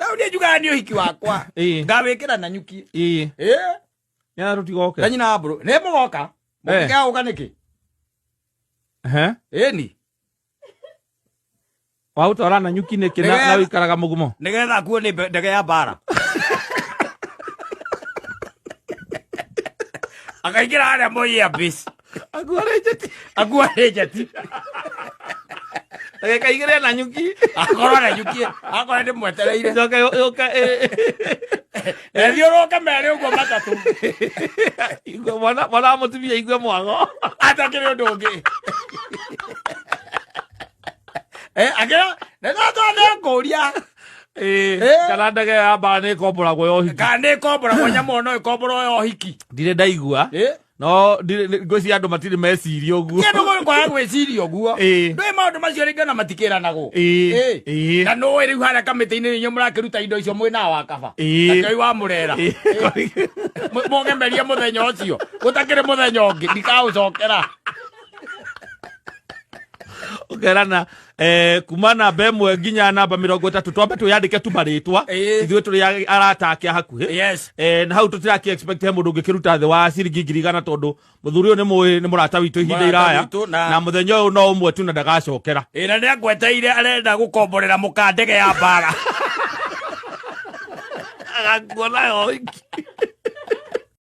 rä u nä njugaga nä å hiki wakwa ngawä kä ra na nyukie rå tigoke kanyina mbå rå nä må goka må kä å ga nä kä ni waå twara na nyuki nä kä na wä ikaraga må gumo nä getha kuo nä ndege ya mbara akaingä ra harä a moiä aguarä njeti agäkaigä na nyuki akorwo na nyuki akorwo ndä mwetereire ethiå eh. rå ke merä å guo matatå mwana wa må tumia igue mwago atakä rä å ndå å ngä akä nä tatwane ngå ria kana ndege ya mbara nä ä komboragwo yohiki kana nä ä komboragwo nyamå no ä komborwo yohiki ndirä ndaigua eh no ngwĩciria andå matirĩ meciria å guo andå kwaga gwĩciria å guo ndåä maå ndå macio rä ngana matikäranagwo na nä å rä u harä a kamä tä-inä nä må rakä indo icio mwä na wa kaba akä wa må rera mågemerie må thenya å cio gå takä rä må thenya å ngä ndikaå cokera tugerana eh kumana bemwe nginya namba mirongo itatu twambe twiyandike tu marĩtwa ithuĩ tũrĩ arata ake yes eh na hau tũtiraki expect he mũndũ ũngĩkĩruta the wa siri gigiri gana tondu muthuri ni mu ni murata witu hinde iraya na muthenyo no ũmwe tu na ndagacokera na nĩ angweteire arenda gukomborera mukandege ya mbara agakuona yo